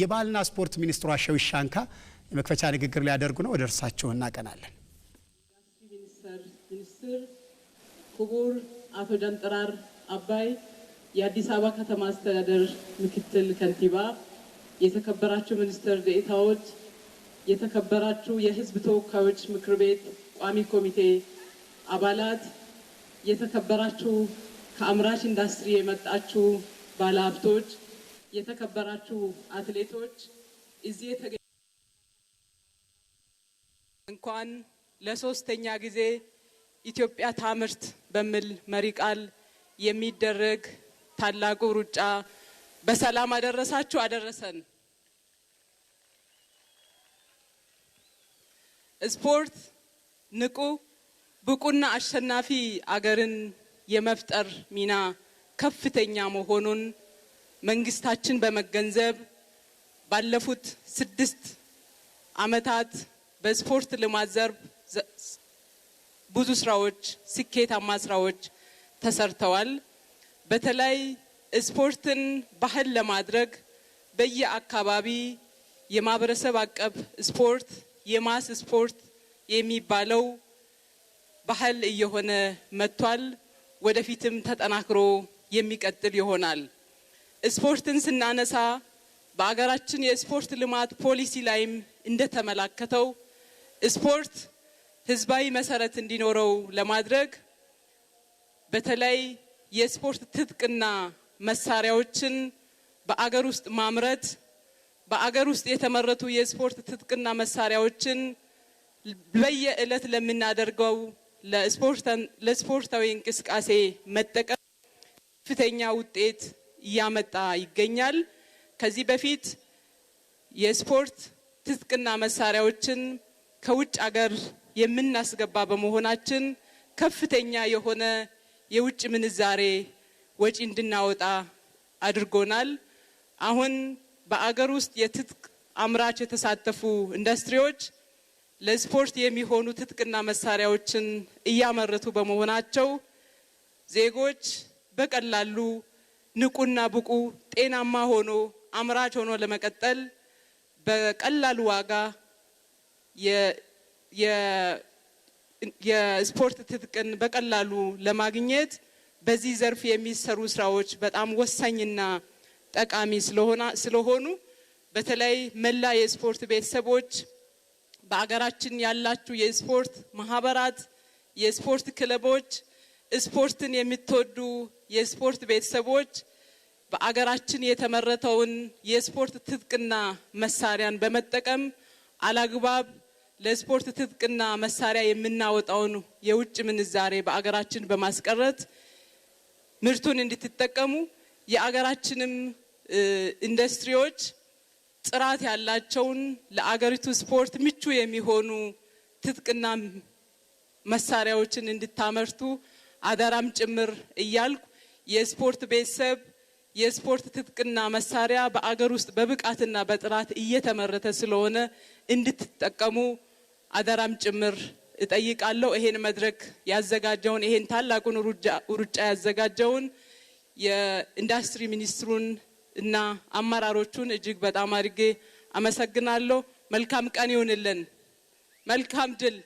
የባህልና ስፖርት ሚኒስትሯ ሸዊት ሻንካ የመክፈቻ ንግግር ሊያደርጉ ነው። ወደ እርሳቸው እናቀናለን። ሚኒስትር ክቡር አቶ ጃንጥራር አባይ፣ የአዲስ አበባ ከተማ አስተዳደር ምክትል ከንቲባ፣ የተከበራችሁ ሚኒስትር ዴኤታዎች፣ የተከበራችሁ የህዝብ ተወካዮች ምክር ቤት ቋሚ ኮሚቴ አባላት፣ የተከበራችሁ ከአምራች ኢንዱስትሪ የመጣችሁ ባለሀብቶች የተከበራችሁ አትሌቶች እዚህ የተገ እንኳን ለሶስተኛ ጊዜ ኢትዮጵያ ታምርት በሚል መሪ ቃል የሚደረግ ታላቁ ሩጫ በሰላም አደረሳችሁ አደረሰን። ስፖርት ንቁ፣ ብቁና አሸናፊ አገርን የመፍጠር ሚና ከፍተኛ መሆኑን መንግስታችን በመገንዘብ ባለፉት ስድስት አመታት በስፖርት ልማት ዘርፍ ብዙ ስራዎች፣ ስኬታማ ስራዎች ተሰርተዋል። በተለይ ስፖርትን ባህል ለማድረግ በየአካባቢ የማህበረሰብ አቀፍ ስፖርት የማስ ስፖርት የሚባለው ባህል እየሆነ መጥቷል። ወደፊትም ተጠናክሮ የሚቀጥል ይሆናል። ስፖርትን ስናነሳ በሀገራችን የስፖርት ልማት ፖሊሲ ላይም እንደተመላከተው ስፖርት ህዝባዊ መሰረት እንዲኖረው ለማድረግ በተለይ የስፖርት ትጥቅና መሳሪያዎችን በአገር ውስጥ ማምረት በአገር ውስጥ የተመረቱ የስፖርት ትጥቅና መሳሪያዎችን በየዕለት ለምናደርገው ለስፖርታዊ እንቅስቃሴ መጠቀም ከፍተኛ ውጤት እያመጣ ይገኛል። ከዚህ በፊት የስፖርት ትጥቅና መሳሪያዎችን ከውጭ አገር የምናስገባ በመሆናችን ከፍተኛ የሆነ የውጭ ምንዛሬ ወጪ እንድናወጣ አድርጎናል። አሁን በአገር ውስጥ የትጥቅ አምራች የተሳተፉ ኢንዱስትሪዎች ለስፖርት የሚሆኑ ትጥቅና መሳሪያዎችን እያመረቱ በመሆናቸው ዜጎች በቀላሉ ንቁና ብቁ ጤናማ ሆኖ አምራች ሆኖ ለመቀጠል በቀላሉ ዋጋ የስፖርት ትጥቅን በቀላሉ ለማግኘት በዚህ ዘርፍ የሚሰሩ ስራዎች በጣም ወሳኝና ጠቃሚ ስለሆኑ በተለይ መላ የስፖርት ቤተሰቦች በአገራችን ያላችሁ የስፖርት ማህበራት፣ የስፖርት ክለቦች ስፖርትን የምትወዱ የስፖርት ቤተሰቦች በአገራችን የተመረተውን የስፖርት ትጥቅና መሳሪያን በመጠቀም አላግባብ ለስፖርት ትጥቅና መሳሪያ የምናወጣውን የውጭ ምንዛሬ በአገራችን በማስቀረት ምርቱን እንድትጠቀሙ የአገራችንም ኢንዱስትሪዎች ጥራት ያላቸውን ለአገሪቱ ስፖርት ምቹ የሚሆኑ ትጥቅና መሳሪያዎችን እንድታመርቱ አደራም ጭምር እያልኩ የስፖርት ቤተሰብ የስፖርት ትጥቅና መሳሪያ በአገር ውስጥ በብቃትና በጥራት እየተመረተ ስለሆነ እንድትጠቀሙ አደራም ጭምር እጠይቃለሁ። ይሄን መድረክ ያዘጋጀውን ይሄን ታላቁን ሩጫ ያዘጋጀውን የኢንዱስትሪ ሚኒስትሩን እና አመራሮቹን እጅግ በጣም አድርጌ አመሰግናለሁ። መልካም ቀን ይሁንልን። መልካም ድል